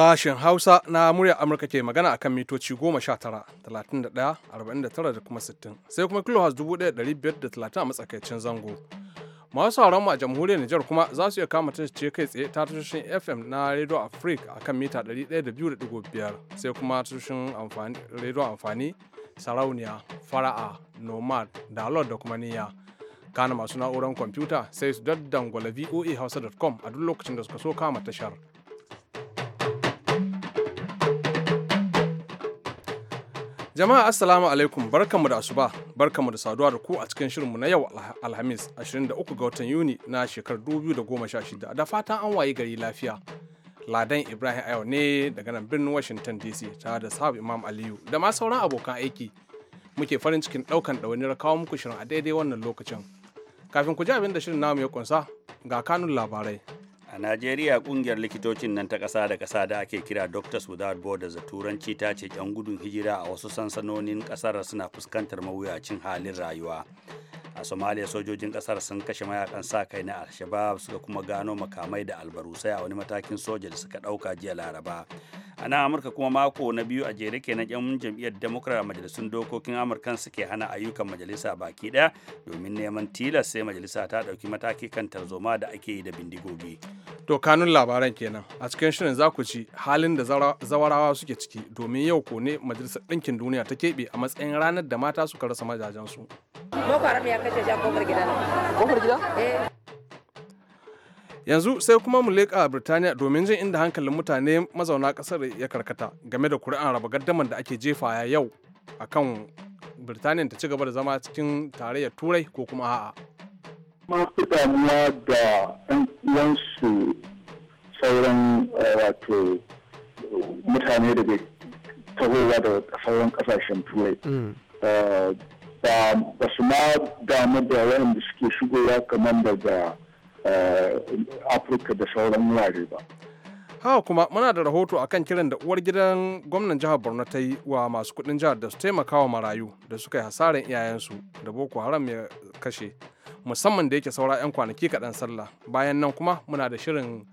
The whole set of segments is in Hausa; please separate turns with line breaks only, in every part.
Sashen Hausa na murya Amurka ke magana akan mitoci 19, 31, 49 kuma 60, sai kuma 1530 a matsakaicin zango. Masu sauran a jamhuriyar Nijar kuma za su iya kama tashoci kai tsaye ta tashoshin FM na Radio Africa akan mita 102.5 sai kuma tashoshin Radio Amfani, Sarauniya, Fara'a, Nomad, Dalot da kuma Niyya. Kana masu na'urar kwamfuta sai su daddangwala hausa.com a duk lokacin da suka so kama tashar. Jama'a Assalamu alaikum barkanmu da asuba barkanmu da saduwa da ku a cikin shirinmu na yau Alhamis 23 ga watan Yuni na shekarar 2016 da fatan an waye gari lafiya. Ladan Ibrahim Ayo ne daga nan birnin Washington DC tare da sahab Imam Aliyu da ma sauran abokan aiki muke farin cikin ɗaukan ɗawainiyar kawo muku shirin a daidai wannan lokacin. Kafin ku ji abin da shirin namu ya kunsa ga kanun labarai.
a najeriya kungiyar likitocin nan ta kasa da kasa da ake kira doctors without borders da turanci ta ce 'yan gudun hijira a wasu sansanonin kasar suna fuskantar mawuyacin halin rayuwa a somaliya sojojin kasar sun kashe mayakan sa kai na al suka kuma gano makamai da albarusai a wani matakin soja da suka dauka jiya laraba a nan amurka kuma mako na biyu a jere kenan yan jam'iyyar democrat a majalisun dokokin amurkan suke hana ayyukan majalisa baki daya domin neman tilas sai majalisa ta dauki mataki kan tarzoma da ake yi da bindigogi to
kanun labaran kenan a cikin shirin za ku ci halin da zawarawa suke ciki domin yau ko ne majalisar ɗinkin duniya ta keɓe a matsayin ranar da mata suka rasa majajensu.
Boko Haram ya Eh.
yanzu sai kuma mu leƙa birtaniya domin jin inda hankalin mutane mazauna ƙasar ya karkata game da kuri'an raba gardamar da ake jefa yau a kan birtaniya ta ci gaba da zama cikin tarayyar turai ko kuma a'a
masu damuwa da yansu sauran eh, wato mutane da bai tahowa da sauran kasashen turai mm. eh, ba su ma damu da waɗanda suke shigowa kamar daga eh, afirka da sauran wurare ba
haka kuma muna da rahoto akan kiran da uwar gidan gwamnan jihar borno ta yi wa masu kudin jihar da su taimaka wa marayu da suka yi hasarin iyayensu da boko haram ya kashe musamman da yake saura 'yan kwanaki kaɗan sallah bayan nan kuma muna da shirin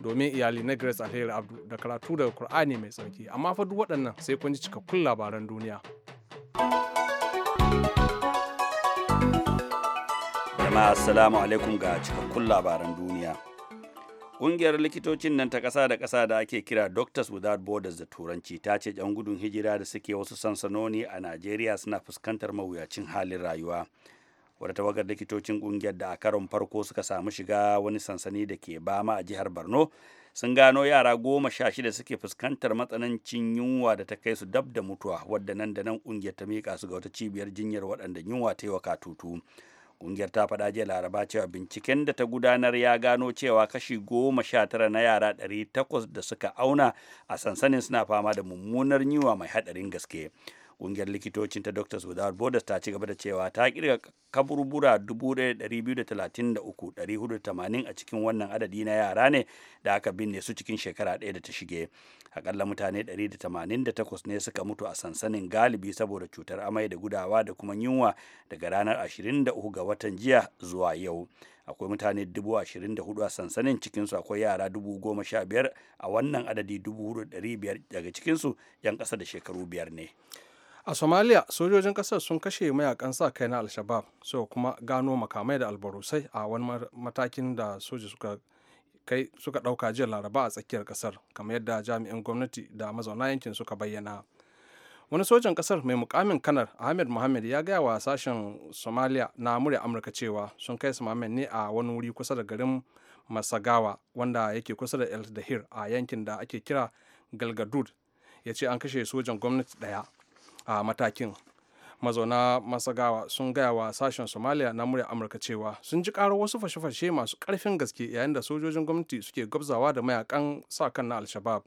domin iyali na grace alheri abdu da karatu daga kur'ani mai tsarki amma fa duk waɗannan sai kun ji cikakkun labaran duniya.
jama'a assalamu alaikum ga cikakkun labaran duniya ƙungiyar likitocin nan ta ƙasa da ƙasa da ake kira doctors without borders da turanci ta ce yan gudun hijira da suke wasu sansanoni a najeriya suna fuskantar mawuyacin halin rayuwa wadda tawagar likitocin ƙungiyar da a karon farko suka samu shiga wani sansani da ke bama a jihar borno sun gano yara goma sha shida suke fuskantar matsanancin yunwa da ta kai su dab da mutuwa wadda nan da nan ƙungiyar ta miƙa su ga wata cibiyar jinyar waɗanda yunwa ta yi wa katutu ƙungiyar ta faɗa jiya laraba cewa binciken da ta gudanar ya gano cewa kashi goma sha tara na yara ɗari takwas da suka auna a sansanin suna fama da mummunar yiwa mai haɗarin gaske kungiyar likitocin ta doctors without borders ta ci gaba da cewa ta kirga kaburbura 1,233,480 a cikin wannan adadi na yara ne da aka binne su cikin shekara ɗaya da ta shige akalla mutane 188 ne suka mutu a sansanin galibi saboda cutar amai da gudawa da kuma yunwa daga ranar 23 ga watan jiya zuwa yau akwai mutane 24,000 a sansanin cikinsu akwai yara 15,000 a wannan adadi 4,500 daga cikinsu 'yan ƙasa da shekaru biyar ne.
a somalia sojojin kasar sun kashe mayakan sa kai na al-shabab so kuma gano makamai da albarusai a wani matakin da soja suka kai suka ɗauka jiya laraba a tsakiyar kasar kamar yadda jami'in gwamnati da mazauna yankin suka bayyana wani sojan kasar mai mukamin kanar ahmed mohammed ya gaya wa sashen somalia na murya amurka cewa sun kai samamen ne a wani wuri kusa da garin masagawa wanda yake kusa da el dahir a yankin da ake kira galgadud ya ce an kashe sojan gwamnati daya a matakin mazauna masagawa sun gaya wa sashen somalia na murya amurka cewa sun ji karo wasu fashe-fashe masu karfin gaske yayin da sojojin gwamnati suke gwabzawa da mayakan sa kan na al-shabab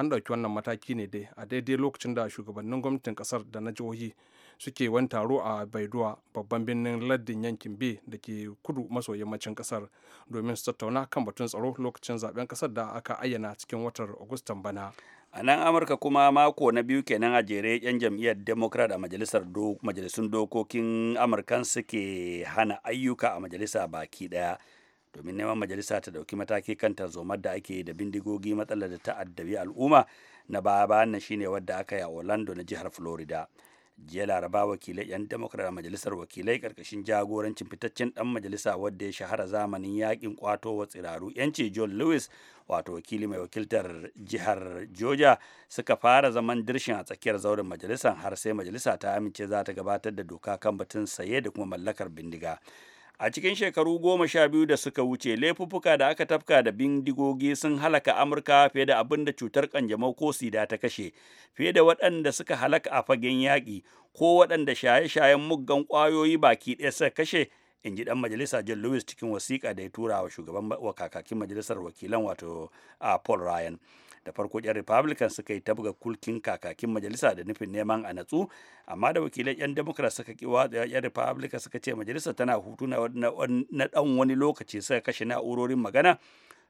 an ɗauki wannan mataki ne dai a daidai lokacin da shugabannin gwamnatin kasar da na jihohi suke wani taro a baiduwa babban birnin lardin yankin b da ke kudu maso yammacin kasar domin su tattauna kan batun tsaro lokacin zaben kasar da aka ayyana cikin watan agustan bana
a nan amurka kuma mako na biyu kenan a jere yan jam'iyyar democrat a majalisar majalisun dokokin amurkan suke hana ayyuka a majalisa baki daya domin neman majalisa ta dauki mataki kan tarzomar da ake da bindigogi matsalar da ta addabi al'umma na baya bayan nan shine wadda aka yi a orlando na jihar florida jiya laraba wakilai 'yan democrat a majalisar wakilai karkashin jagorancin fitaccen dan majalisa wadda ya shahara zamanin yakin kwato wa tsiraru yanci john lewis wato wakili mai wakiltar jihar georgia suka fara zaman dirshin a tsakiyar zauren majalisar har sai majalisa ta amince za ta gabatar da doka kan batun saye da kuma mallakar bindiga A cikin shekaru goma sha biyu da suka wuce, laifuffuka da aka tafka da bindigogi sun halaka Amurka fiye da abin da cutar kanjamau ko sida ta kashe, fiye da waɗanda suka halaka a fagen yaƙi ko waɗanda shaye-shayen muggan ƙwayoyi baki ɗaya suka kashe, in ji ɗan majalisa John Lewis cikin wasiƙa da ya tura wa shugaban wa majalisar wakilan wato a Paul Ryan. da farko 'yan republican suka yi tabga kulkin kakakin majalisa da nufin neman a natsu amma da wakilan 'yan democrat suka ki watsa 'yan republican suka ce majalisa tana hutu na dan wani lokaci suka kashe na'urorin magana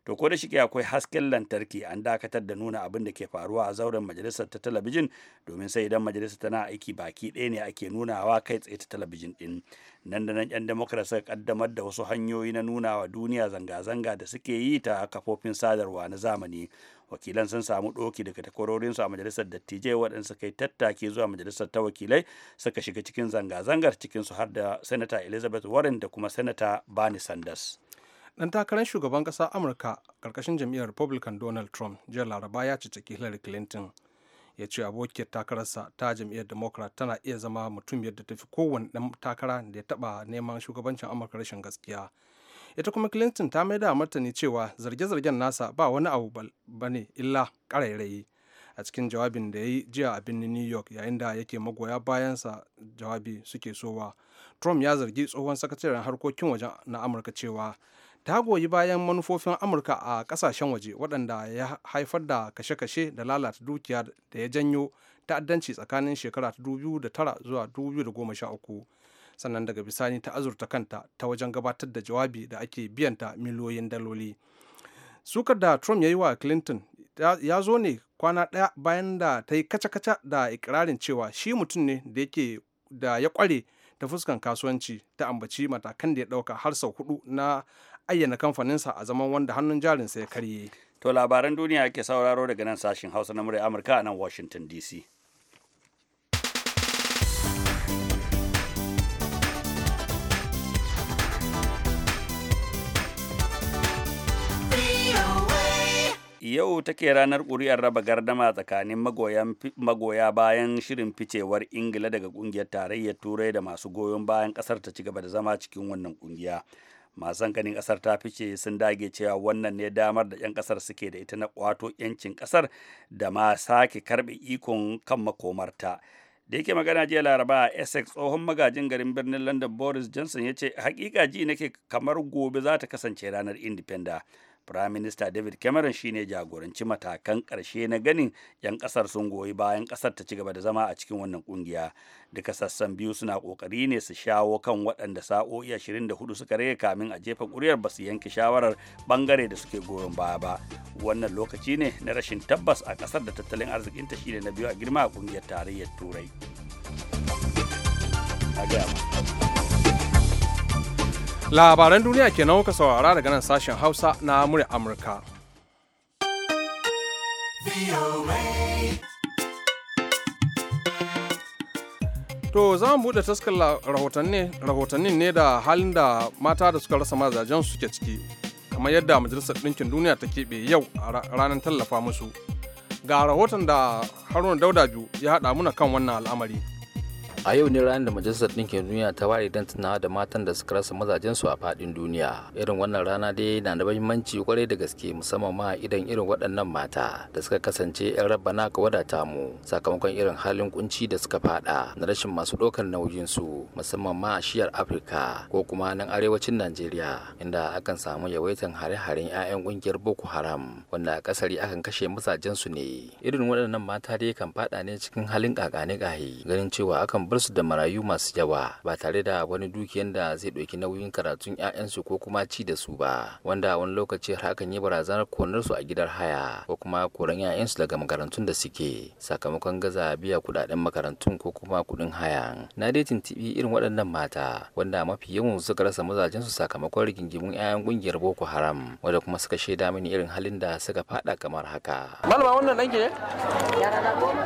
to ko da shike akwai hasken lantarki an dakatar da nuna abin da ke faruwa a zauren majalisar ta talabijin domin sai idan majalisa tana aiki baki ɗaya ne ake nunawa kai tsaye ta talabijin din nan da nan yan demokrat suka kaddamar da wasu hanyoyi na nuna wa duniya zanga-zanga da suke yi ta kafofin sadarwa na zamani wakilan sun samu ɗoki daga takwarorin su a majalisar dattijai waɗanda kai yi tattaki zuwa majalisar ta wakilai suka shiga cikin zanga-zangar su har da sanata elizabeth warren da kuma sanata bernie sanders dan takarar shugaban kasa amurka karkashin
jam'iyyar republican donald trump jiya laraba ya ciciki hillary clinton ya ce abokiyar takararsa ta jam'iyyar democrat tana iya zama mutum yadda ta fi kowane ɗan takara da ya taba neman shugabancin amurka rashin gaskiya ita kuma clinton ta mai maida martani cewa zarge-zargen nasa ba wani abu bane ne illa ƙarairayi a cikin jawabin da ya yi jiya a birnin new york yayin da yake magoya bayan sa jawabi suke sowa trump ya zargi tsohon sakataren harkokin wajen na amurka cewa ta goyi bayan manufofin amurka a kasashen waje waɗanda ya haifar da kashe-kashe da lalata dukiya da ya janyo ta'addanci tsakanin shekara ta 2009 zuwa uku sannan daga bisani ta azurta kanta ta wajen gabatar da jawabi da ake biyanta miliyoyin daloli sukar da trump ya yi wa clinton ya zo ne kwana ɗaya bayan da ta yi kaca-kaca da ikirarin cewa shi mutum ne da da ya kware ta fuskan kasuwanci ta ambaci matakan da ya ɗauka har sau hudu na ayyana kamfaninsa a zaman wanda hannun jarinsa ya karye.
To labaran duniya ake sauraro daga nan sashen Hausa na murya Amurka a nan Washington DC. Yau take ranar ƙuri'ar raba gardama tsakanin magoya bayan shirin ficewar Ingila daga ƙungiyar tarayyar Turai da masu goyon bayan ƙasar ta ci gaba da zama cikin wannan ƙungiya. Masu ganin ƙasar ta fice sun dage cewa wannan ne damar da 'yan ƙasar suke da ita na ƙwato 'yancin ƙasar da ma sake karɓe ikon kan makomarta. da yake magana jiya laraba a essex tsohon magajin garin birnin london boris johnson ya ce hakika ji nake kamar gobe za ta kasance ranar independa minister david cameron shine jagoranci matakan karshe na ganin 'yan ƙasar sun goyi bayan ƙasar ta ci gaba da zama a cikin wannan ƙungiya duka sassan biyu suna ƙoƙari ne su shawo kan waɗanda sa'o'i 24 suka rage kamin a jefa ƙuri'ar ba su yanke shawarar ɓangare da suke goyon baya ba wannan lokaci ne na rashin tabbas a ƙasar da tattalin arzikinta shine na biyu a girma a ƙungiyar tarayyar turai
labaran duniya kenan kuka saurara daga nan sashen hausa na murya amurka To za mu buɗe taskar rahotannin ne da halin da mata da suka rasa mazajen suke ciki, kamar yadda Majalisar Ɗinkin Duniya ta keɓe yau a ranar tallafa musu. Ga rahoton da Haruna Dauda biyu ya haɗa muna kan wannan al'amari.
a yau ne ranar da majalisar ɗinkin duniya ta ware don tunawa da matan da suka rasa mazajensu a faɗin duniya irin wannan rana dai na da muhimmanci kwarai da gaske musamman ma idan irin waɗannan mata da suka kasance 'yan rabbana ka wadata mu sakamakon irin halin kunci da suka faɗa na rashin masu ɗaukar su musamman ma a shiyar afirka ko kuma nan arewacin najeriya inda akan samu yawaitan hare-haren 'ya'yan ƙungiyar boko haram wanda a kasari akan kashe mazajensu ne irin waɗannan mata dai kan faɗa ne cikin halin ƙaƙani ganin cewa akan bar su da marayu masu yawa ba tare da wani dukiyan da zai ɗauki nauyin karatun 'ya'yansu ko kuma ci da su ba wanda wani lokaci har hakan yi barazanar konar su a gidar haya ko kuma koran 'ya'yansu daga makarantun da suke sakamakon gaza biya kuɗaɗen makarantun ko kuma kuɗin haya na dai tintibi irin waɗannan mata wanda mafi yawan suka rasa mazajen su sakamakon rigingimun 'ya'yan ƙungiyar boko haram wanda kuma suka shaida mini irin halin da suka faɗa kamar haka. malama wannan ɗanki ne? yara na goma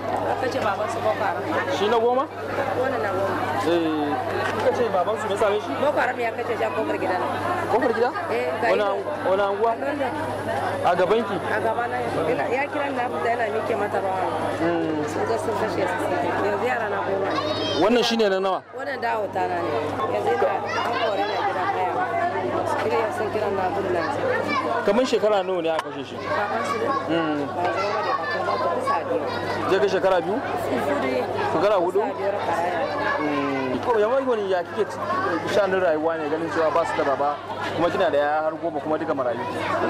ce baban su boko haram. shi na goma? wannan na goma eh, shi kofar gida eh, wani anguwa a gaban ki a gaba na
ya kira na fita yana mike mata rawa hmm. sun zo sun kashe su yanzu yara na goma
wannan shine na nawa
wannan dawo ta na ne yanzu da an na gida kaya kire sun kira na gudu na
kamar shekara nawa ne aka kashe shi su ne hmm. ba zai kai shekara biyu shekara hudu yamma gwani ya kike shanin rayuwa ne ganin cewa ba su da baba kuma kina da ya har goma kuma duka marayu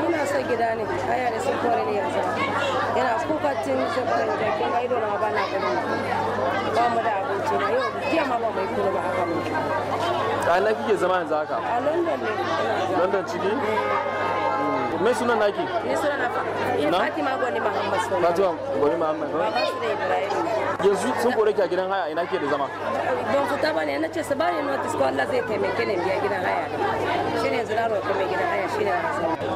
ina sa gida ne haya da sun kore ne yanzu yana kukatin shekaran jakin aido na ba na gani ba mu da abinci na yau jiya ma ba mai kuma ba haka mu
a ina kike zama yanzu haka a london ne london ciki eh. me sunan naki ni sunan na fatima gwani muhammad fatima gwani muhammad ba ba su
da ibrahim
yanzu sun kore ki a gidan haya ina ke da zama
don fita ne na ce su bani notice ko Allah zai taimake ni biya gidan haya
shi ne yanzu na roƙi mai gidan haya shi ne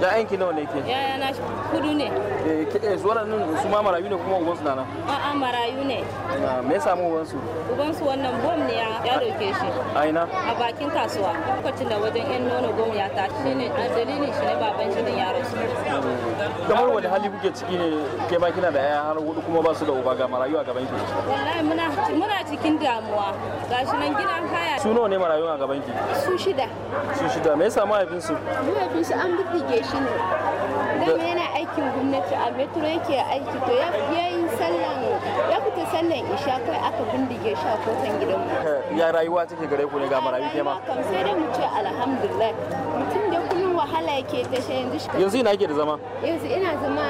ya yanki nawa ne ke
ya na
kudu ne
eh ke eh zuwa nan su ma marayu ne kuma uban su nana
a a marayu ne
ah, me ya samu uban su
uban su wannan bom ne ya roke shi a ina a bakin kasuwa lokacin da wajen yan nono bom ya ne a dalilin shi ne baban shi da ya rasu
kamar wani hali kuke ciki ne ke ba kina da yaya har hudu kuma ba su da uba ga marayu a gaban ki
wallahi muna cikin damuwa gashi nan gidan haya su
nawa ne marayuwa a gaban ki su shida su shida me yasa mahaifin su
mahaifin su an bubbuge shi ne dan yana aikin gwamnati a metro yake aiki to ya yi sallan ya fita sallan isha kai aka bindige shi a kofan gidan
eh, ya rayuwa take gare ku ne ga marayu ke ma sai dai
mu ce alhamdulillah mutum da wahala yake kashe yanzu yanzu ina da zama yanzu ina zama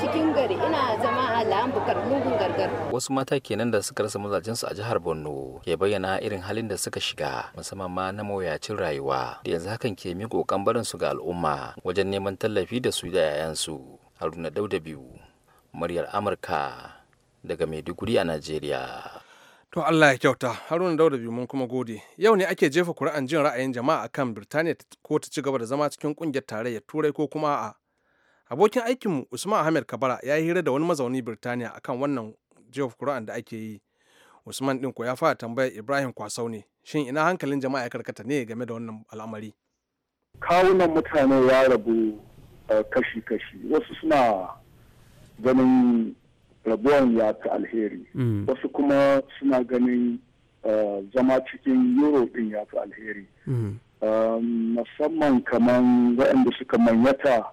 cikin gari ina zama a lambukar mugun gargar
wasu mata kenan da suka rasa su a jihar borno ke bayyana irin halin da suka shiga musamman ma na mawuyacin rayuwa da yanzu hakan ke mi kokan barin su ga al'umma wajen neman tallafi da su da yayansu haruna dauda biyu muryar amurka daga maiduguri a najeriya
To Allah ya kyauta, Haruna Dauda biyu mun kuma gode. Yau ne ake jefa kuri'an jin ra'ayin jama'a kan Birtaniya ko ta ci gaba da zama cikin kungiyar tarayyar Turai ko kuma a. Abokin aikinmu Usman Ahmed Kabara ya yi hira da wani mazauni Birtaniya akan wannan jefa kuri'an da ake yi. Usman din ko ya fara tambaya Ibrahim Kwasau ne, shin ina hankalin jama'a ya karkata ne game da
wannan al'amari? Kawunan mutane ya rabu eh, kashi-kashi, wasu suna ganin rabuwan ya fi alheri mm. wasu kuma suna ganin eh, zama cikin euro din ya fi alheri mm. um, musamman kamar waɗanda suka manyata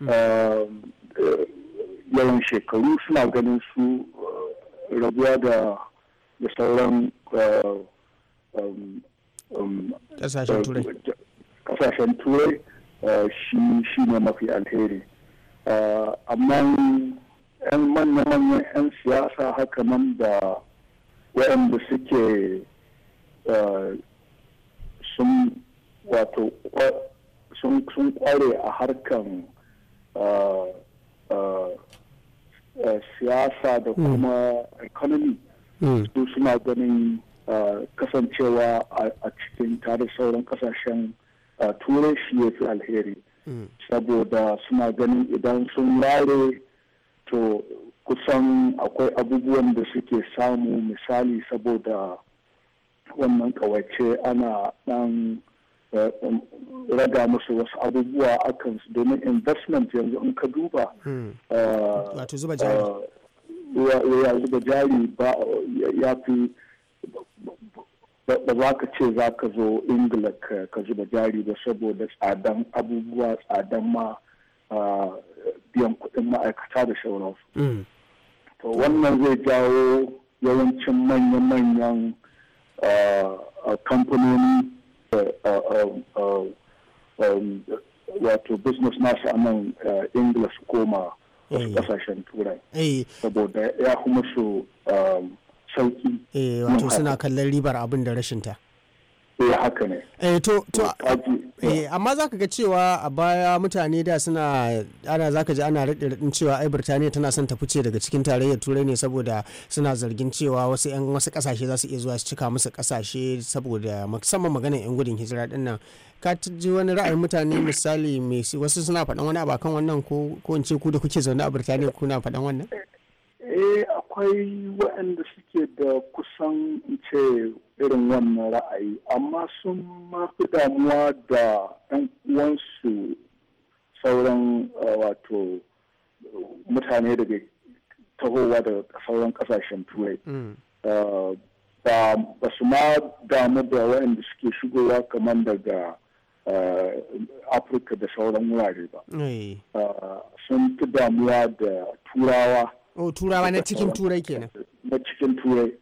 mm. um, eh, yawan shekaru suna ganin su eh, rabuwa da sauran kasashen turai shi ne mafi alheri amma 'yan manya-manyan 'yan siyasa haka nan da waɗanda suke eh, sun wato sun kware a harkan eh, eh, siyasa da hmm. kuma economy hmm. su suna ganin kasancewa a cikin tare sauran kasashen turai shi ya fi alheri hmm. saboda suna ganin idan sun ware to kusan akwai abubuwan da suke samu misali saboda wannan kawace ana dan eh, raga musu wasu abubuwa akan su domin investment yanzu in ka duba hmm. eh, eh, ya zuba jari ya fi ba za ka ce za ka zo ingila ka zuba jari ba saboda tsadan abubuwa tsadan ma ah, biyan kuɗin ma'aikata da sauransu mm. to wannan zai jawo yawancin manya-manyan uh, uh, kamfanoni uh, um, um, wato business nasu a nan ingila su koma wasu kasashen eh. turai eh. saboda ya kuma su um, sauki eh, wato suna
kallon ribar abin da rashinta
eh haka ne
eh, to to eh, eh amma zaka ga cewa a baya mutane da suna ana zaka ji ana rade radin cewa ai Birtaniya tana son ta fice daga cikin tarayyar Turai ne saboda suna zargin cewa wasu yan wasu kasashe za su iya zuwa su cika musu kasashe saboda musamman maganar yan gudun hijira din nan ka ji wani ra'ayin mutane misali mai wasu suna faɗan wani abu akan wannan ko ko in ce ku da kuke zaune a Birtaniya kuna faɗan wannan
eh akwai waɗanda suke da kusan ce irin wannan ra'ayi amma sun mafi damuwa da 'yan uwansu sauran eh, wato mutane daga tahowa da sauran kasashen turai mm. eh, ba su ma damu da waɗanda suke shigowa kamar daga eh, afirka da sauran wurare ba sun fi damuwa da turawa
oh turawa na cikin turai kenan
na cikin turai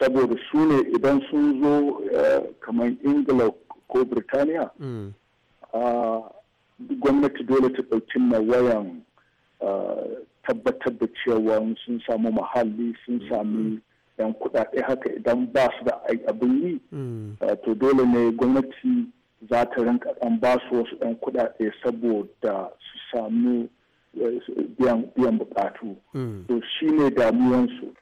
saboda su ne idan sun zo eh, kamar ingila ko birtaniya mm. ah, gwamnati dole ta ɗauki na wayan ah, tabbatar da cewa sun samu muhalli sun sami mm. yan kuɗaɗe haka idan ba su da abin yi mm. eh, to dole ne gwamnati za ta rinka ɗan ba su wasu yan kuɗaɗe saboda su sami. biyan bukatu mm. to shi ne damuwansu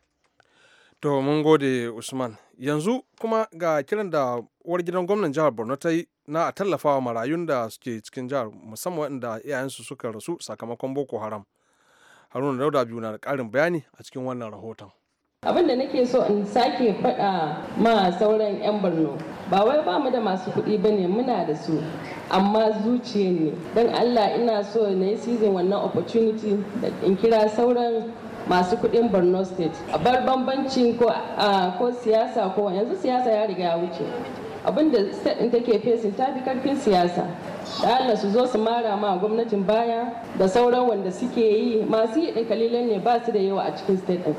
to mun gode usman yanzu kuma ga kiran da uwar gidan gwamnan jihar borno ta yi na a tallafawa marayun da suke cikin jihar musamman waɗanda iyayensu suka rasu sakamakon boko haram haruna dauda biyu na da ƙarin bayani a cikin wannan rahoton
abin da nake so in sake faɗa ma sauran 'yan borno ba wai ba mu da masu kuɗi ba ne muna da su amma zuciya ne don allah ina so na yi season wannan opportunity da in kira sauran masu kuɗin borno state a bar bambancin ko siyasa ko yanzu siyasa ya riga ya wuce abinda state ɗin take fesin ta fi karfin siyasa da Allah su zo su mara ma gwamnatin baya da sauran wanda suke yi masu yi din kalilan ne ba su da yawa a cikin state ɗin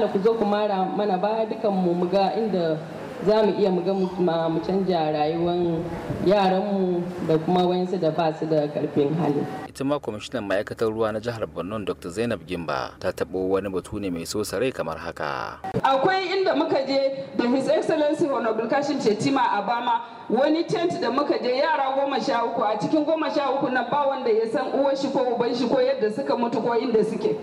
da ku zo ku mara mana baya dukan mu mu ga inda za mu iya mu canja rayuwar yaranmu
da kuma wayansu da ba su da karfin hali. ita ma kwamishinan ma'aikatar ruwa na jihar borno dr zainab gimba ta taɓo wani batu ne mai so sarai kamar haka
akwai inda muka je da his excellency honorable kashin cetima abama wani tent da muka je yara goma sha uku a cikin goma sha uku na ba wanda ya san uwar shi ko uban shi ko yadda suka mutu ko inda suke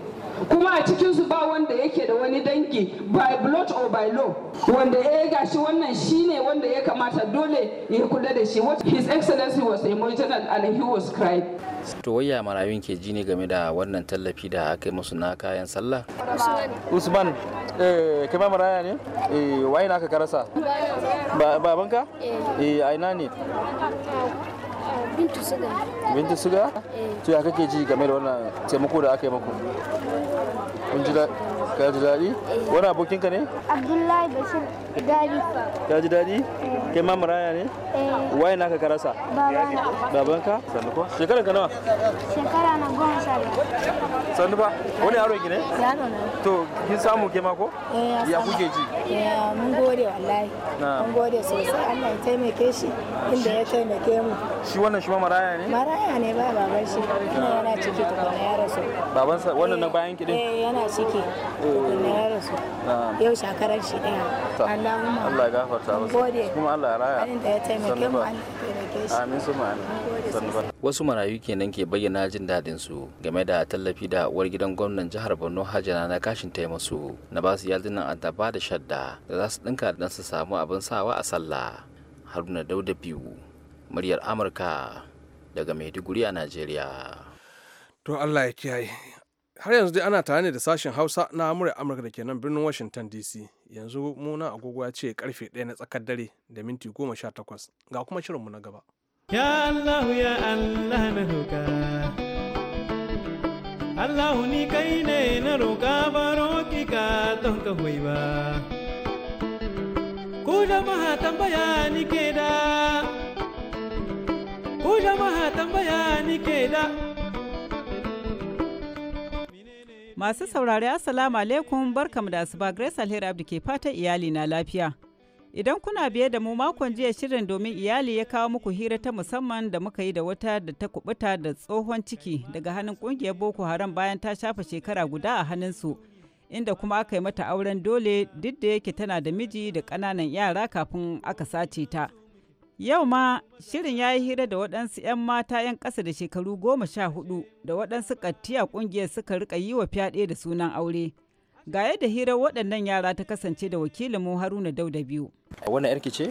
kuma a cikinsu ba wanda yake da wani dangi by blood or by law wanda ya gashi wannan shine wanda ya kamata dole ya kula da shi what his excellency was emotional and he was crying
to waya marayun ke ji ne game da wannan tallafi da aka yi musu na kayan sallah usman eh kai ma maraya ne eh waye ka karasa babanka eh aina ne bintu suga bintu suga eh. to ya kake ji game da wannan taimako da aka yi muku kun ji ka ji daɗi eh. wani abokin ka ne
abdullahi bashir daɗi
ka ji daɗi eh. kai ma maraya ne waye naka ka rasa babana babanka sanduko shekara ka nawa
shekara na goma sha biyar
sanduba wani yaro ki ne yaro na to kin samu ke ma ya kuke ji
mun gode wallahi mun gode sosai Allah ya taimake shi inda ya taimake mu
shi wannan shi ma maraya ne
maraya ne ba baban shi kuma yana ciki tukuna ya rasu
baban sa wannan na bayan ki din eh yana ciki tukuna ya rasu yau
shakarar shi
daya
Allahumma Allah ya gafarta masa kuma Allah ya raya an da ya taimake mu an
ya taimake shi amin
su ma wasu marayu kenan ke bayyana jin daɗin su game da tallafi da uwar gidan gwamnan jihar Borno Hajjana na kashin taimasu na ba su yaldunan addaba da shadda da za su dinka dan su samu abin sawa a sallah Haruna Dauda biyu muryar amurka daga maiduguri a nigeria.
to allah ya kiyaye har yanzu dai ana tare ne da sashen hausa na muryar amurka da ke nan birnin washington dc yanzu muna agogo ya ce karfe 1 na tsakar dare da minti goma sha 18 ga kuma shirinmu na gaba
ya allah ya allah na roka allah ni kai ne na roka baro ki ka don ka hoyi ba
ku jama'a tambaya ni ke da jama'a masu saurari assalamu alaikum barkamu da asuba grace alheri abdi ke fatan iyali na lafiya idan kuna biye da mu makon jiya shirin domin iyali ya kawo muku hira ta musamman da muka yi da wata da ta kubuta da tsohon ciki daga hannun kungiyar boko haram bayan ta shafa shekara guda a hannunsu inda kuma aka yi mata auren dole duk da yake tana da miji da ƙananan yara kafin aka sace ta. Yau ma shirin ya yi hira da waɗansu 'yan mata 'yan ƙasa da shekaru goma sha hudu da waɗansu a ƙungiyar suka rika yi wa fyaɗe da sunan aure. Ga yadda hirar waɗannan yara ta kasance da wakilin
mu Haruna Dauda biyu. Wannan yarki ce?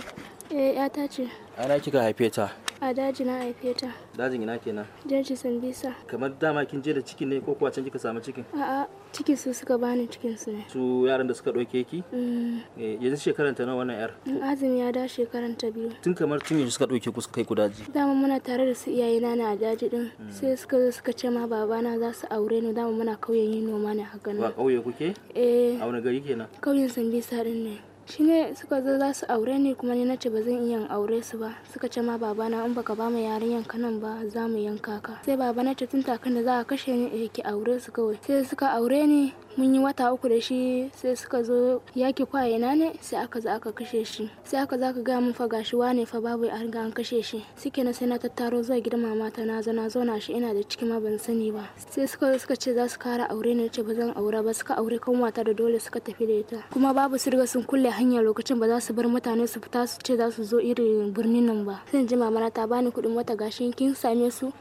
Eh, yata
ce.
Ana kika haife ta?
A daji na haife ta.
Dajin ina kenan?
Daji bisa.
Kamar dama kin je da cikin ne ko kuwa can kika samu cikin?
A'a, ciki su suka bani cikin su ne.
Su yaran da suka ɗauke ki? Mm. Eh, yanzu shekaran ta nawa wannan yar?
Azumi ya da shekaran ta biyu.
Tun kamar tun yanzu suka ɗauke ku suka kai ku daji?
Dama muna tare da su iyaye na na daji din. Mm. Sai suka zo suka ce ma babana za su aure ni dama muna kauyen yin noma ne haka nan. Ba kauye kuke? Eh. A
wani gari kenan?
Kauyen Sambisa din ne. shine suka zo za su aure ni kuma ni nace ba zan iya aure su ba suka ce ma babana in baka ba mu yanka nan ba za mu yanka ka sai baba nace tun takan da za a kashe ni eh, ki aure su kawai sai suka aure ni mun yi wata uku da shi sai suka zo yaki kwayena ne sai aka zo aka kashe shi sai aka za ka gaya min fa gashi wane fa babu a riga an kashe shi suke na sai na tattaro zuwa gidan mama ta na zo zo na shi ina da ciki ma ban sani ba sai suka zo suka ce za su kara aure ne ce ba zan aura ba suka aure kan wata da dole suka tafi da ita kuma babu su riga sun kulle hanya lokacin ba za su bar mutane su fita su ce za su zo irin birnin nan ba sai ji mama ta bani kuɗin wata gashi kin same su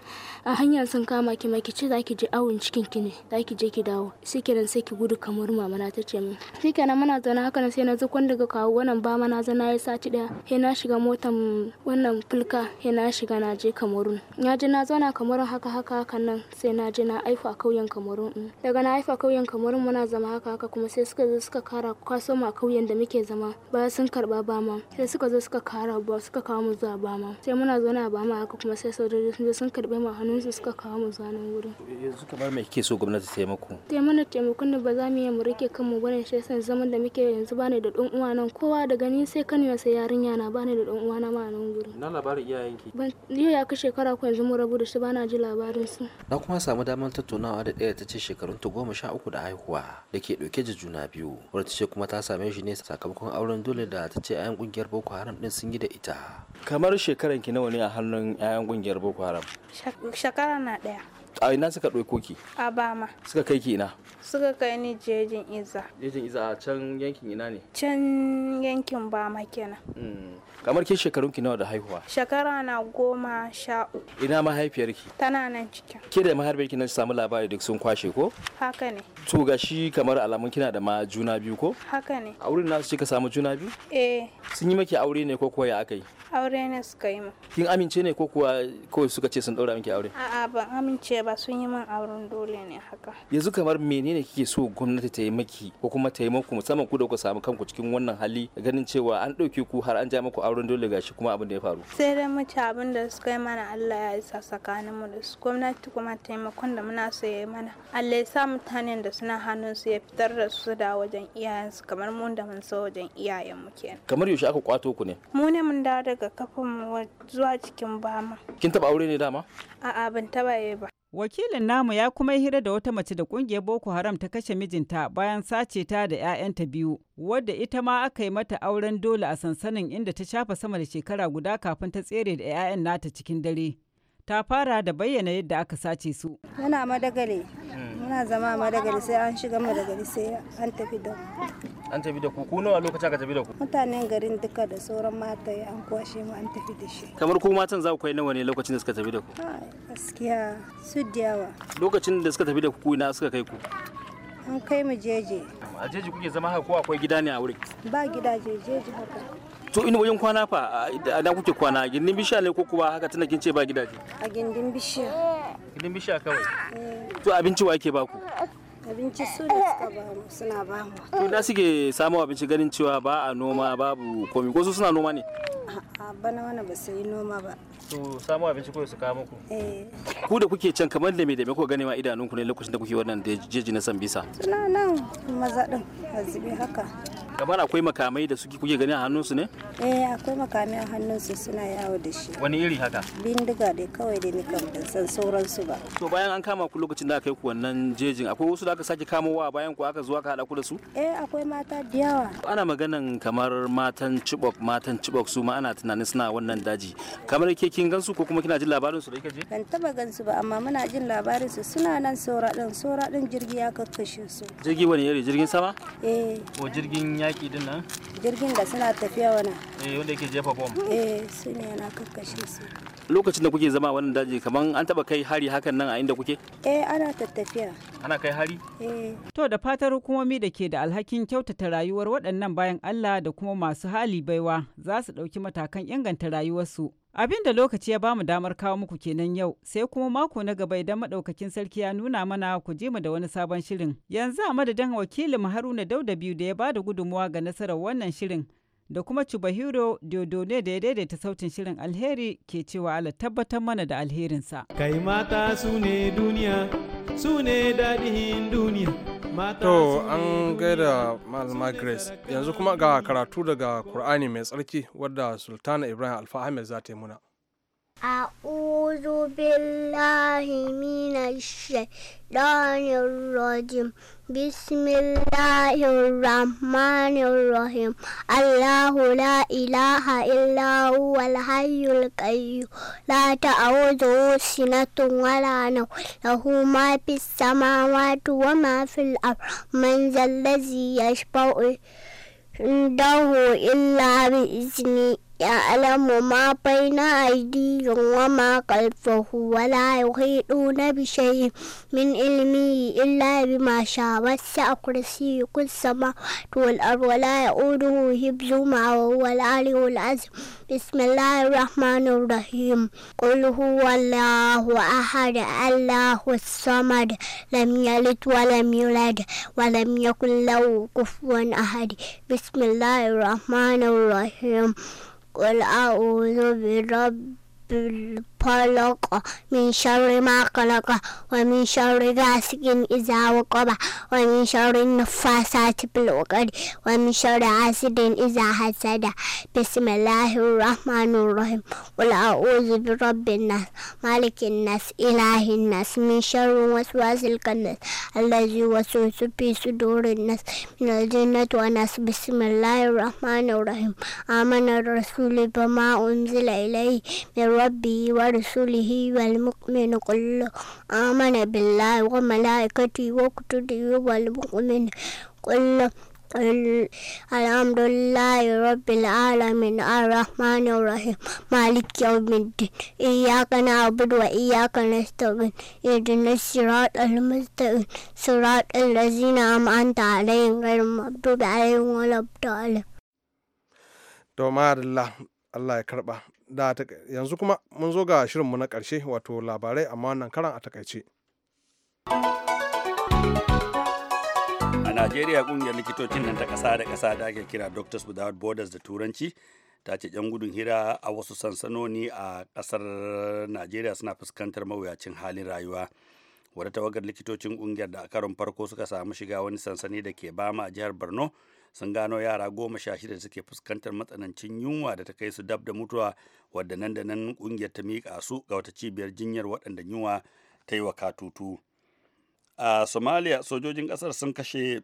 a hanyar sun kama ki ma ki ce za ki je awon cikin ki ne za ki je ki dawo sai kenan sai sai ki gudu kamar mama na ta ce min shikenan muna zaune haka sai na zo kun daga kawo wannan ba mana zana ya sati daya he na shiga motan wannan fulka he na shiga na je kamarun na ji na zauna kamarun haka haka haka nan sai na je na aifa a kauyen kamarun daga na aifa kauyen kamarun muna zama haka haka kuma sai suka zo suka kara kwaso ma kauyen da muke zama bayan sun karba ba ma sai suka zo suka kara ba suka kawo mu zuwa ba ma sai muna zauna ba ma haka kuma sai sojoji sun zo sun karbe mu hannun su suka kawo mu zuwa nan wurin
yanzu
kamar me kike so gwamnati ta yi muku
wannan ba za mu iya mu rike kanmu ne shi yasa zaman da muke yanzu bani da ɗan uwa nan kowa daga ni sai kanuwa sai yarinya na bani da ɗan uwa na ma nan guri
na labarin iyayenki
ban yau ya ka shekara ko yanzu mu rabu da shi bana ji labarin su
na kuma samu damar tattaunawa da ɗaya ta ce shekarun ta goma sha uku da haihuwa da ke ɗauke da juna biyu wadda ta ce kuma ta same shi ne sakamakon auren dole da ta ce 'ya'yan ƙungiyar boko haram ɗin sun yi da ita kamar shekaranki nawa ne a hannun 'ya'yan ƙungiyar boko haram
shekara na ɗaya
a ina suka ɗauko ki a bama suka kai ki ina
suka kai ni jejin iza
jejin iza a can yankin ina ne
can yankin bama kenan
hmm. kamar ke shekarun ki nawa da haihuwa
shekara na goma sha uku
ina ki.
tana nan cikin
ke da ki nan samu labari duk sun kwashe ko haka ne to ga shi kamar alamun kina da ma juna biyu ko haka ne a wurin nasu kika samu juna biyu eh sun yi maki aure ne ko kuwa ya aka yi
aure ne suka yi mu
kin amince ne ko kuwa kawai suka ce sun daura miki aure
a'a ban amince ba sun yi min auren dole ne haka
yanzu kamar menene kike so gwamnati ta yi maki ko kuma ta yi muku musamman ku da ku samu kanku cikin wannan hali ganin cewa an ɗauke ku har an ja muku auren dole shi kuma abin da ya faru
sai dai mu abin da suka yi mana Allah ya isa tsakanin mu da su gwamnati kuma taimakon da muna so ya yi mana Allah ya sa mutanen da suna hannun su ya fitar da su da wajen iyayensu kamar mun da mun so wajen iyayen mu kenan
kamar yaushe aka kwato ku ne
mu ne mun dawo daga kafin mu zuwa cikin bama
kin taba aure ne dama
a'a ban taba yi ba Wakilin
namu ya kuma yi hira da wata mace da kungiyar Boko Haram ta kashe mijinta bayan sace ta da 'ya'yanta biyu, wadda ita ma aka yi mata auren dole a sansanin inda ta shafa sama da shekara guda kafin ta tsere da 'ya'yan nata cikin dare. Ta fara da bayyana yadda aka sace su.
Yana madagale. na zama a madagali sai an shiga madagali sai an tafi da ku.
an tafi da ku ku nawa lokaci aka tafi da ku
mutanen garin duka da sauran mata an kwashe mu an tafi da shi
kamar ku matan za ku kai nawa ne lokacin da suka tafi da ku
gaskiya su diyawa
lokacin da suka tafi da ku ina suka kai ku
an kai mu jeje
a jeji kuke zama haka ko akwai gida ne a wurin
ba gida jeji haka
to ina wajen kwana fa a kuke kwana gindin bishiya ne ko kuwa haka tana kin ce ba gidaje
a gindin bishiya
gindin bishiya kawai to abinci wa ke baku
abinci su ne suka ba mu suna ba mu
to da suke samu abinci ganin cewa ba a noma babu komi ko su suna noma ne
a bana wani ba sai noma ba
su samu abinci ko su kawo muku eh. ku da kuke can kamar da me da me kuka gane ma ku ne lokacin da kuke wannan da jeji na sambisa
suna nan maza din azibi haka
kamar akwai makamai da suke kuke gani a su ne
eh akwai makamai a hannun su suna yawo da shi
wani iri haka
bindiga dai kawai da ni kam ban san sauransu ba
to bayan an kama ku lokacin da aka yi ku wannan jejin akwai wasu da aka sake kamowa bayan ku aka zuwa ka hada ku da su
eh akwai mata da yawa
ana maganan kamar matan cibok matan cibok su ma ana tunanin suna wannan daji kamar ke kin gan su ko kuma kina jin labarin su da kika je
ban taba gansu ba amma muna jin labarin su suna nan saura din saura din jirgi ya kakkashe su
jirgi wani yare jirgin sama eh ko jirgin yaki din nan
jirgin da suna tafiya wani
eh wanda yake jefa bomb eh
su ne yana kakkashe su
lokacin da kuke zama wannan daji kaman an taba kai hari hakan nan a inda kuke
eh ana tattafiya
ana kai hari
eh to da fatar hukumomi da ke da alhakin kyautata rayuwar waɗannan bayan Allah da kuma masu hali baiwa za su ɗauki matakan inganta rayuwarsu Abin da lokaci ya bamu damar kawo muku kenan yau, sai kuma mako na gaba idan madaukakin sarki ya nuna mana ku ji mu da wani sabon shirin. Yanzu a madadin wakilin Haruna Dauda biyu da ya ba da gudunmuwa ga nasarar wannan shirin da kuma Chubahiro Diodone da ya daidaita sautin shirin alheri ke cewa Allah tabbatar mana da alherinsa.
Kai mata su ne duniya, su ne daɗin duniya. To an gaida Malama Grace yanzu kuma ga karatu daga Kur'ani mai tsarki wadda Sultana Ibrahim Alfa Ahmed za ta yi muna.
أعوذ بالله من الشيطان الرجيم بسم الله الرحمن الرحيم الله لا إله إلا هو الحي القيوم لا تعوذه سنة ولا نوم له ما في السماوات وما في الأرض من ذا الذي يشفع عنده إلا بإذنه يعلم ما بين أيديهم وما خلفه ولا يحيطون بشيء من علمه إلا بما شاء وسع كرسيه السماوات والأرض ولا يؤوده حفظهما وهو العلي العظيم بسم الله الرحمن الرحيم قل هو الله أحد الله الصمد لم يلد ولم يولد ولم يكن له كفوا أحد بسم الله الرحمن الرحيم قل أعوذ برب bulpoloko min sharri makaloka wa min sharri gasikin izawa koba wa min sharri nufasa tiblokari wa min sharri asidin iza hasada bismillahir rahmanir rahim wal a'udhu bi nas malikin nas ilahin nas min sharri waswasil kanas allazi waswasu fi sudurin nas min aljannati wa nas bismillahir rahmanir rahim amana rasuli bama unzila ilayhi min ربي ورسوله والمؤمن كل آمن بالله وملائكته وكتبه والمؤمن كل الحمد لله رب العالمين الرحمن الرحيم مالك يوم الدين إياك نعبد وإياك نستعين اهدنا الصراط المستقيم صراط الذين أنعمت عليهم غير المغضوب عليهم ولا الضالين.
Allah ya karba da yanzu kuma mun zo ga shirinmu na ƙarshe wato labarai amma wannan karan a takaice.
A Najeriya kungiyar likitocin nan ta ƙasa da ƙasa da ake kira Doctors Without Borders da Turanci ta ce yan gudun hira a wasu sansanoni a ƙasar Najeriya suna fuskantar mawuyacin halin rayuwa. Wata tawagar likitocin kungiyar da a karon farko suka samu shiga wani sansani da ke bama a jihar Borno sun gano yara goma sha shida da suke fuskantar matsanancin yunwa da ta kai su dab da mutuwa wadda nan da nan kungiyar ta miƙa su ga wata cibiyar jinyar waɗanda yunwa ta yi wa katutu a somalia sojojin ƙasar sun kashe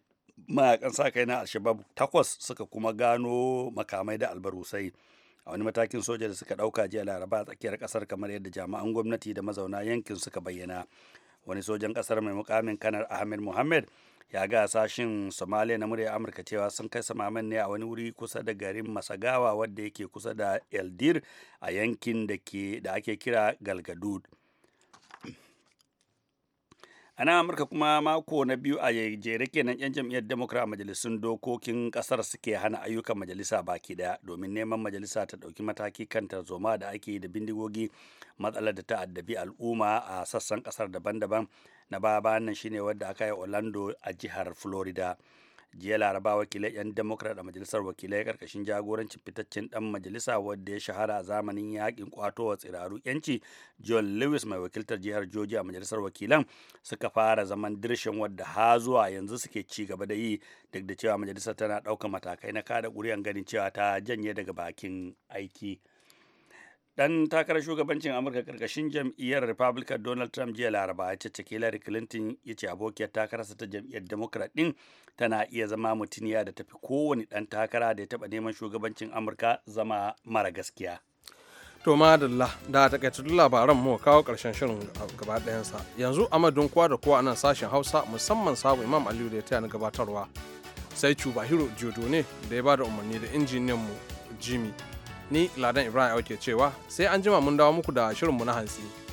mayakan sa kai na alshabab takwas suka kuma gano makamai da albarusai a wani matakin soja da suka ɗauka jiya laraba a tsakiyar ƙasar kamar yadda jami'an gwamnati da mazauna yankin suka bayyana wani sojan ƙasar mai mukamin kanar ahmed muhammad ya ga sashin somalia na murya amurka cewa sun kai samaman ne a wani wuri kusa da garin masagawa wadda yake kusa da eldir a yankin da ake kira galgadud a nan amurka kuma mako na biyu a jere kenan yan jam'iyyar democrat majalisun dokokin kasar suke hana ayyukan majalisa baki daya domin neman majalisa ta dauki mataki kan tarzoma da ake da bindigogi matsalar da ta addabi al'umma a sassan kasar daban-daban na baya bayan nan shine wadda aka yi orlando a jihar florida jiya laraba wakilai 'yan democrat a majalisar wakilai karkashin jagorancin fitaccen dan majalisa wadda ya shahara a zamanin yakin kwatowa tsiraru yanci john lewis mai wakiltar jihar georgia a majalisar wakilan suka fara zaman dirshin wadda ha zuwa yanzu suke ci gaba da yi duk da cewa majalisar tana ɗaukar matakai na kada ƙuri'an ganin cewa ta janye daga bakin aiki. dan takarar shugabancin amurka karkashin jam'iyyar republican donald trump jiya laraba ya ce larry clinton ya ce abokiyar takararsa ta jam'iyyar democrat din tana iya zama mutuniya da tafi kowane dan takara da ya taba neman shugabancin amurka zama mara gaskiya
to madalla da takaitattun labaran mu kawo karshen shirin
gaba sa
yanzu amadun kwa da kowa nan sashen hausa musamman sabu imam aliyu da ya taya na gabatarwa sai cuba hiro jodo ne da ya ba da umarni da injiniyan mu jimmy ni ladan ibrahim auke cewa sai an jima mun dawo muku da shirinmu na hantsi.